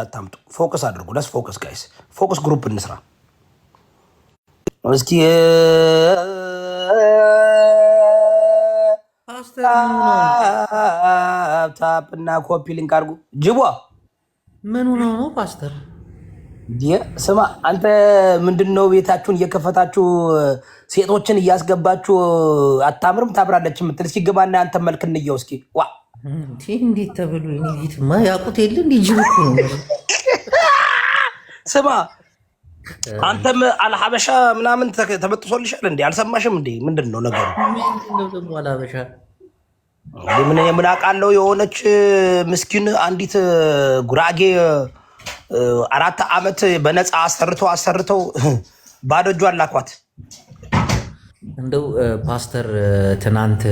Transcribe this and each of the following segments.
እንዳታምጡ። ፎከስ አድርጉ። ለስ ፎከስ ጋይስ፣ ፎከስ ግሩፕ እንስራ እስኪ። ታፕ እና ኮፒ ሊንክ አድርጉ። ጅቧ ምኑ ነው ነው ፓስተር ስማ አንተ ምንድን ነው ቤታችሁን እየከፈታችሁ ሴቶችን እያስገባችሁ አታምርም ታምራለች የምትል እስኪ ግባና አንተ መልክ እንየው እስኪ ዋ እንዴት ተብሎ ቤትማ ያውቁት የለ እንዲ ጅብ ስማ አንተም አልሀበሻ ምናምን ተበጥሶልሻል እንዴ? አልሰማሽም እንዴ? ምንድን ነው ነገሩ? ምን የምናቃለው የሆነች ምስኪን አንዲት ጉራጌ አራት ዓመት በነፃ አሰርተው አሰርተው ባዶ እጇን ላኳት። እንደው ፓስተር ትናንት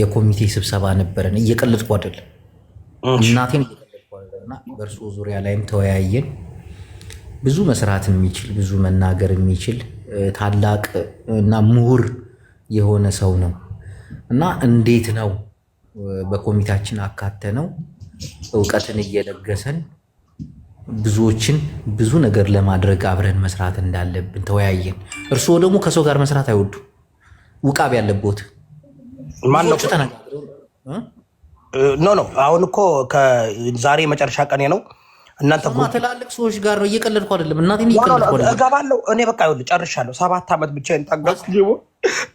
የኮሚቴ ስብሰባ ነበረን። እየቀለድኩ አይደለም፣ እናቴን እየቀለድኩ አይደለም። እና በእርሶ ዙሪያ ላይም ተወያየን። ብዙ መስራት የሚችል ብዙ መናገር የሚችል ታላቅ እና ምሁር የሆነ ሰው ነው እና እንዴት ነው በኮሚታችን አካተነው እውቀትን እየለገሰን ብዙዎችን ብዙ ነገር ለማድረግ አብረን መስራት እንዳለብን ተወያየን። እርስዎ ደግሞ ከሰው ጋር መስራት አይወዱም። ውቃብ ያለቦት ማነው ተነጋግረው ኖ ኖ አሁን እኮ ዛሬ መጨረሻ ቀኔ ነው። እናንተ ትላልቅ ሰዎች ጋር ነው። እየቀለድኩ አይደለም። እናቴ እገባለሁ እኔ በቃ ጨርሻለሁ። ሰባት ዓመት ብቻ ንጣጋ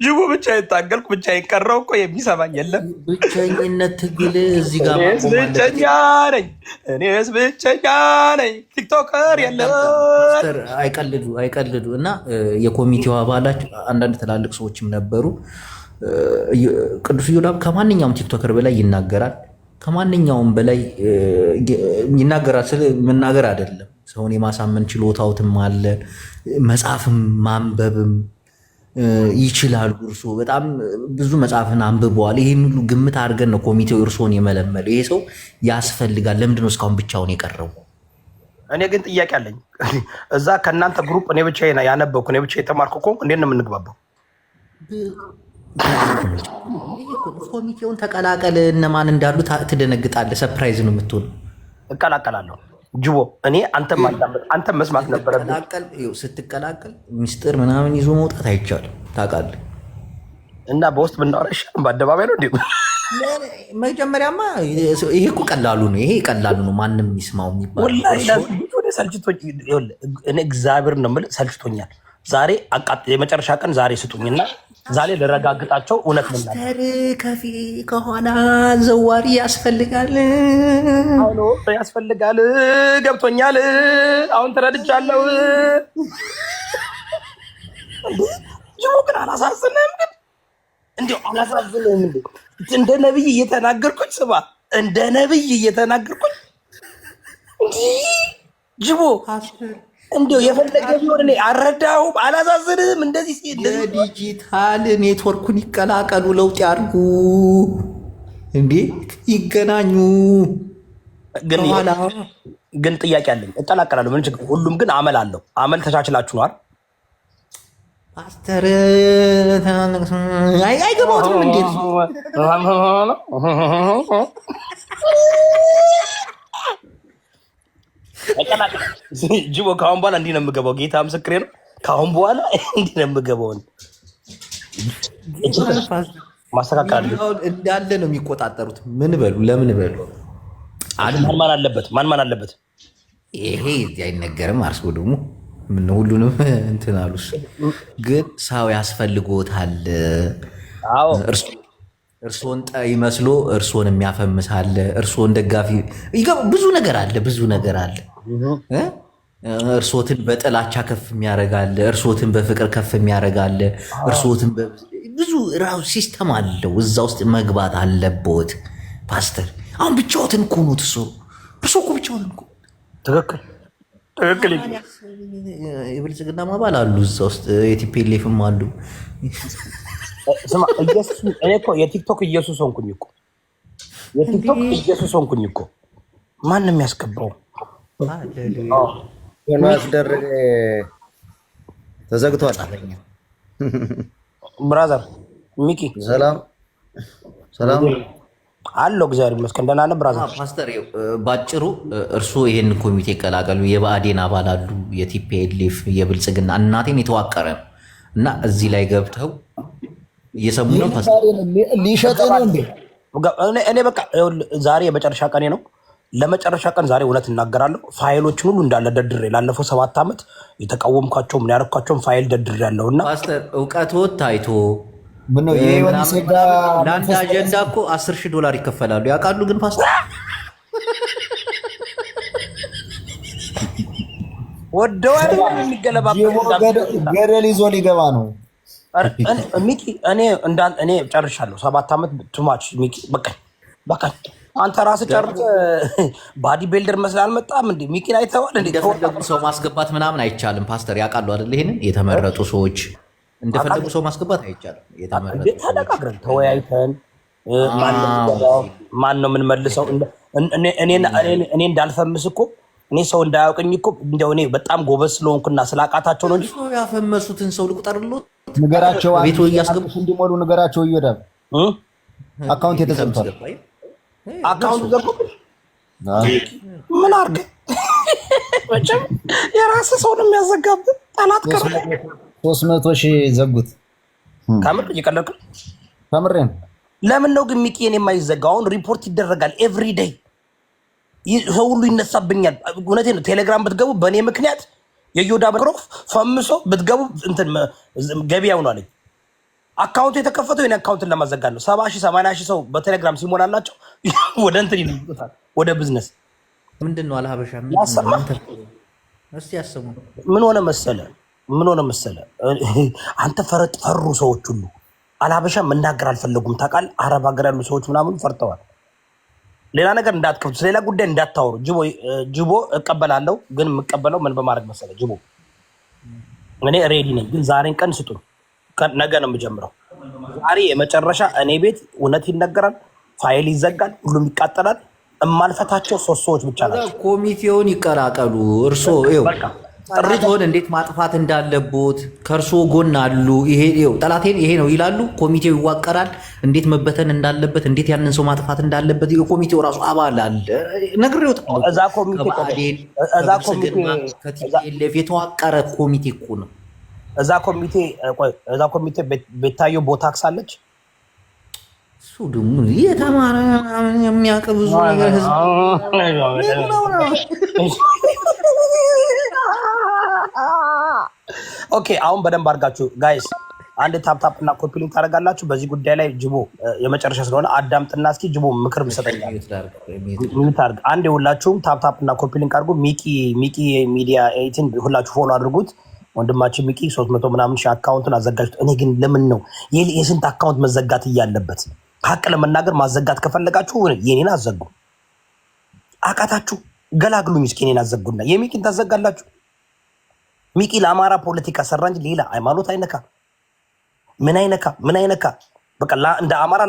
ጅቡ ብቻ ታገልኩ፣ ብቻ ቀረው እኮ የሚሰማኝ የለም። ብቸኝነት ትግል እዚህ ጋር ብቸኛ ነኝ፣ እኔስ ብቸኛ ነኝ። ቲክቶከር የለም። አይቀልዱ አይቀልዱ። እና የኮሚቴው አባላች አንዳንድ ትላልቅ ሰዎችም ነበሩ። ቅዱስ ዮላብ ከማንኛውም ቲክቶከር በላይ ይናገራል። ከማንኛውም በላይ ይናገራል። ስለ መናገር አይደለም፣ ሰውን የማሳመን ችሎታውትም አለ መጽሐፍም ማንበብም ይችላል እርሶ በጣም ብዙ መጽሐፍን አንብበዋል። ይህን ሁሉ ግምት አድርገን ነው ኮሚቴው እርሶን የመለመለ ይሄ ሰው ያስፈልጋል። ለምንድን ነው እስካሁን ብቻውን የቀረቡ? እኔ ግን ጥያቄ አለኝ። እዛ ከእናንተ ግሩፕ እኔ ብቻ ያነበብኩ እኔ ብቻ የተማርኩ እኮ እንዴት ነው የምንግባባው? ኮሚቴውን ተቀላቀል። እነማን እንዳሉ ትደነግጣለህ። ሰፕራይዝ ነው የምትሆን። እቀላቀላለሁ ጅቦ እኔ አንተም አንተም መስማት ነበረብህ። ስትቀላቀል ሚስጥር ምናምን ይዞ መውጣት አይቻልም ታውቃለህ። እና በውስጥ ብናወራ ይሻላል። በአደባባይ ነው እንዴ? መጀመሪያማ ይሄ እኮ ቀላሉ ነው። ይሄ ቀላሉ ነው። ማንም የሚስማው የሚባል እግዚአብሔር ነው የምልህ። ሰልችቶኛል። ዛሬ የመጨረሻ ቀን ዛሬ ስጡኝና ዛሬ ልረጋግጣቸው እውነት ምናር ከፊ ከኋላ ዘዋሪ ያስፈልጋል ያስፈልጋል። ገብቶኛል። አሁን ተረድቻለሁ። ይሁ ግን አላሳዝንም፣ ግን እንዲሁ አላሳዝንም። እንደ ነብይ እየተናገርኩኝ ስማ፣ እንደ ነብይ እየተናገርኩኝ እንዲህ ጅቦ እንዲያው የፈለገ ቢሆን እኔ አልረዳሁም፣ አላዛዝንም። እንደዚህ የዲጂታል ኔትወርኩን ይቀላቀሉ፣ ለውጥ ያርጉ፣ እንዴ ይገናኙ። ግን ጥያቄ አለኝ። እቀላቀላለሁ፣ ምን ችግር? ሁሉም ግን አመል አለው። አመል ተቻችላችሁ ነዋል። ፓስተር አይገባትም እንዴት ጅቦ ከአሁን በኋላ እንዲህ ነው የምገባው። ጌታ ምስክሬ ነው። ከአሁን በኋላ እንዲህ ነው የምገባው። ማስተካከል እንዳለ ነው የሚቆጣጠሩት። ምን በሉ ለምን በሉ ማን ማን አለበት ማን ማን አለበት? ይሄ አይነገርም። አርሶ ደግሞ ምን ሁሉንም እንትን አሉ። ግን ሰው ያስፈልጎታል። እርሶን ጠይ መስሎ እርሶን የሚያፈምሳለ እርሶን ደጋፊ ብዙ ነገር አለ ብዙ ነገር አለ። እርሶትን በጥላቻ ከፍ የሚያደርጋለ፣ እርሶትን በፍቅር ከፍ የሚያደርጋለ፣ እርሶትን ብዙ ራሱ ሲስተም አለው። እዛ ውስጥ መግባት አለቦት ፓስተር። አሁን ብቻዎትን እኮ ነው ትሶ እርሶ እኮ ብቻዎትን እኮ ትክክል ትክክል። የብልጽግና ማባል አሉ እዛ ውስጥ የቲፔሌፍም አሉ። የቲክቶክ ኢየሱስ ሆንኩኝ እኮ የቲክቶክ ኢየሱስ ሆንኩኝ እኮ ማንም ያስገባው ሆኖስ ተዘግቷል። ብራዘር ሚኪ ሰላም ሰላም አለው። እግዚአብሔር ይመስገን ደህና ነህ ብራዘር። ፓስተር ባጭሩ እርስዎ ይህን ኮሚቴ ይቀላቀሉ። የብአዴን አባል አሉ፣ የቲፒኤልኤፍ፣ የብልጽግና እናቴን የተዋቀረ ነው እና እዚህ ላይ ገብተው እየሰሙ ነው። ነው እንዴ? እኔ በቃ ዛሬ የመጨረሻ ቀኔ ነው። ለመጨረሻ ቀን ዛሬ እውነት እናገራለሁ። ፋይሎችን ሁሉ እንዳለ ደርድሬ ላለፈው ሰባት ዓመት የተቃወምኳቸው ምን ያደረኳቸውን ፋይል ያለው እና ፓስተር እውቀቶት ታይቶ ለአንድ አጀንዳ እኮ አስር ሺህ ዶላር ይከፈላሉ ያውቃሉ። ግን ፓስተር ወደዋል ገደል ይዞ ሊገባ ነው። ሚኪ እኔ ጨርሻለሁ። ሰባት ዓመት ቱማች ሚኪ በቃኝ በቃኝ። አንተ ራስህ ጨርሰህ ባዲ ቢልደር መስላ አልመጣም እንዴ? ሚኪን አይተዋል። እንደፈለጉ ሰው ማስገባት ምናምን አይቻልም። ፓስተር ያውቃሉ አይደል? ይሄንን የተመረጡ ሰዎች እንደፈለጉ ሰው ማስገባት አይቻልም። የተመረጡ ተነጋግረን ተወያይተን ማን ነው የምንመልሰው? እኔ እንዳልፈምስ እኮ እኔ ሰው እንዳያውቅኝ እኮ እንደው እኔ በጣም ጎበዝ ስለሆንኩና ስላቃታቸው ነው እንጂ ያፈመሱትን ሰው ልቁጠርልዎት። ንገራቸው፣ ቤት እያስገቡ እንዲሞሉ ንገራቸው። እየወዳብ አካውንት የተዘግቷል አካውንቱ ዘጉብኝ። ምን አርግ መቼም የራስ ሰውን የሚያዘጋብን ጠላት ቀር ሶስት መቶ ሺህ ዘጉት። ከምር እየቀለድክ ከምሬን። ለምን ነው ግን ሚኪን የማይዘጋው? አሁን ሪፖርት ይደረጋል ኤቭሪ ዴይ ሰው ሁሉ ይነሳብኛል። እውነቴ ነው። ቴሌግራም ብትገቡ በእኔ ምክንያት የዮዳ ምክሮፍ ፈምሶ ብትገቡ ገቢያው ነው አለኝ አካውንቱ የተከፈተው የኔ አካውንትን ለማዘጋት ነው። ሰባ ሺህ ሰማንያ ሺህ ሰው በቴሌግራም ሲሞላላቸው ወደ እንትን ይለውጡታል፣ ወደ ብዝነስ ምንድን ነው ምን ሆነ መሰለ ምን ሆነ መሰለ አንተ ፈረጥ ፈሩ ሰዎች ሁሉ አለሀበሻ መናገር አልፈለጉም። ታውቃል፣ አረብ ሀገር ያሉ ሰዎች ምናምን ፈርተዋል። ሌላ ነገር እንዳትከፍቱ፣ ሌላ ጉዳይ እንዳታወሩ። ጅቦ ጅቦ እቀበላለሁ፣ ግን የምቀበለው ምን በማድረግ መሰለ ጅቦ እኔ ሬዲ ነኝ፣ ግን ዛሬን ቀን ስጡን ነገ ነው የምጀምረው። ዛሬ የመጨረሻ እኔ ቤት እውነት ይነገራል፣ ፋይል ይዘጋል፣ ሁሉም ይቃጠላል። እማልፈታቸው ሶስት ሰዎች ብቻ ናቸው። ኮሚቴውን ይቀላቀሉ። እርሶ ጥሪት ሆን እንዴት ማጥፋት እንዳለቦት ከእርሶ ጎን አሉ። ጠላቴን ይሄ ነው ይላሉ። ኮሚቴው ይዋቀራል። እንዴት መበተን እንዳለበት፣ እንዴት ያንን ሰው ማጥፋት እንዳለበት የኮሚቴው ራሱ አባል አለ። ነግሬው ከባዴን ከብስግና ከቲፒኤልኤፍ የተዋቀረ ኮሚቴ እኮ ነው። እዛ ኮሚቴ እዛ ኮሚቴ ቤታዮ ቦታክስ አለች። እሱ ደግሞ የተማረ የሚያውቅ ብዙ ነገር ህዝብ ኦኬ። አሁን በደንብ አድርጋችሁ ጋይስ አንድ ታፕታፕ እና ኮፒሊንግ ታደርጋላችሁ። በዚህ ጉዳይ ላይ ጅቦ የመጨረሻ ስለሆነ አዳምጥና እስኪ ጅቦ ምክር ይሰጠኛል። አንድ የሁላችሁም ታፕታፕ እና ኮፒሊንግ አድርጉ። ሚቂ ሚቂ ሚዲያ ኤይቲን ሁላችሁ ፎሎ አድርጉት። ወንድማችን ሚቂ ሶስት መቶ ምናምን ሺህ አካውንትን አዘጋጅቶ እኔ ግን ለምን ነው የስንት አካውንት መዘጋት እያለበት? ሀቅ ለመናገር ማዘጋት ከፈለጋችሁ የኔን አዘጉ። አቃታችሁ ገላግሉ እስኪ እኔን አዘጉና የሚቂን ታዘጋላችሁ። ሚቂ ለአማራ ፖለቲካ ሰራ እንጂ ሌላ ሃይማኖት አይነካ፣ ምን አይነካ፣ ምን አይነካ። በቃ እንደ አማራ